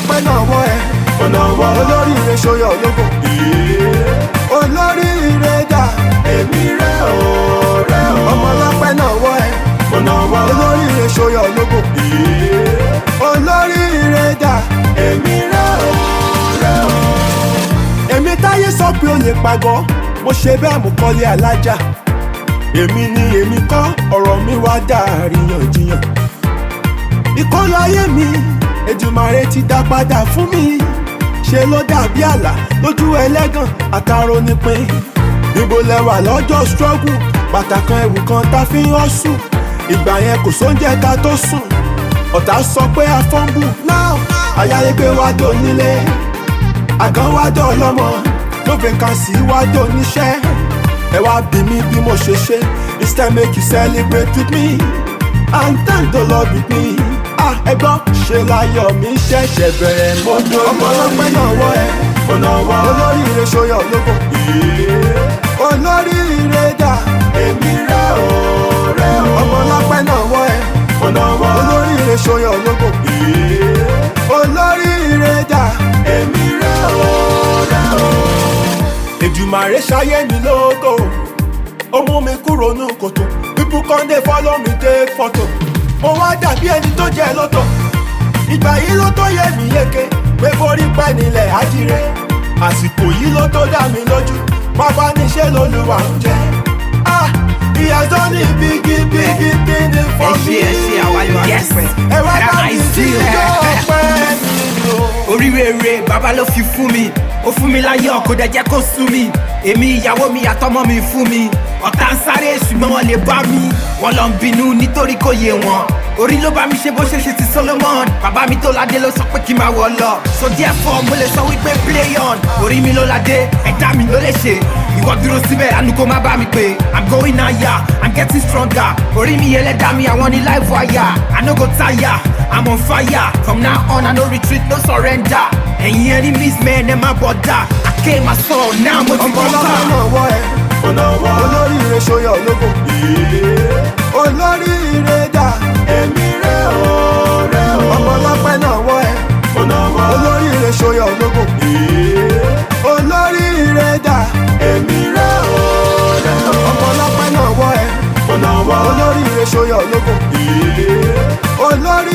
ọpẹ́ lọ́wọ́ ẹ olórí ire ṣoyọ ológo olórí ire dà èmi rẹ o rẹ o ọmọ ọlọ́pẹ́ lọ́wọ́ ẹ olórí ire ṣoyọ ológo olórí ire dà èmi rẹ o rẹ o. èmi táyé sọ pé ó lè pagọ́ mo ṣe bẹ́ẹ̀ mo kọ́lé alájà èmi ni èmi kọ́ ọ̀rọ̀ mi wá dà àríyànjiyàn ìkọlù ayé mi. Èdùmàrè ti dá padà fún mi ṣe ló dàbí àlà lójú ẹlẹ́gàn àtàrò nípìn níbo lẹwà lọ́jọ́ struggle pàtàkàn ẹ̀wù kan tá fi ń hustle ìgbà yẹn kò sóúnjẹ ká tó sùn ọ̀tá sọ pé a fọ́nbù now ayálégbé wá dónílé àgán wá dọ̀lọ́mọ lóbìn kan sì wá dóníṣẹ́ ẹ wá bí mi bí mo ṣe ṣe it's time make you celebrate with me and thank the Lord with me ẹgbọ́n ṣe láyọ̀ mi ṣẹ̀ṣẹ̀ bẹ̀rẹ̀ mo dòdò ọmọ ọlọ́pẹ́ náà wọ ẹ fọnàwọ́ olóríire ṣoyọ̀ lóko olóríire dà èmi rẹ o rẹ o ọmọ ọlọ́pẹ́ náà wọ ẹ fọnàwọ́ olóríire ṣoyọ̀ lóko olóríire dà èmi rẹ o rẹ o Èdùmàrè ṣayé mi lóko ó mú mi kúrò ní kòtò people come dey follow me take photo ó wá dàbí ẹni tó jẹ lọ́tọ̀ ìgbà yìí ló tó yẹ mí yeke pé borí pẹ́ nílẹ̀ ájíre àsìkò yìí ló tó dá mi lójú bàbá níṣẹ́ lolúwa ń jẹ́ ah he has done a big big thing for me ẹ wá bá mi sí ìjọ ọpẹ́ mi o. oríire bàbá ló fi fún mi ó fún mi láyọ̀ kó dẹ̀ jẹ́ kó sú mi èmi ìyàwó mi àtọmọ mi fún mi ọ̀tá ń sáré ṣùgbọ́n wọn lè bá mi wọn lọ ń bínú nítorí kò yé wọn orí ló bá mi ṣe bó ṣe ṣe ti Solomon bàbá mi tó ládé ló sọ pé kí n máa wọ lọ so therefore mo lè sọ wípé play on orí mi ló ládé ẹ̀dá mi ló lè ṣe ìwọ dúró síbẹ̀ àánú má bá mi pé i'm going higher i'm getting stronger orí mi ẹlẹ́dá mi àwọn ní live wire i no go tire i'm on fire from now on i no retreat no surrender ẹ̀yin enemies man, ẹ má bọ̀dá i came i saw now mo ti bọ̀ ká. ọ̀pọ̀lọpọ̀ náà wọ ẹ̀ fọlọ́wọ́ olóríire ṣọyà ológo olóríire dà èmi rẹ̀ o rẹ̀ o ọmọlápẹ́ náà wọ́ ẹ fọlọ́wọ́ olóríire ṣọyà ológo olóríire dà èmi rẹ̀ o rẹ̀ o ọmọlápẹ́ náà wọ́ ẹ fọlọ́wọ́ olóríire ṣọyà ológo olórí.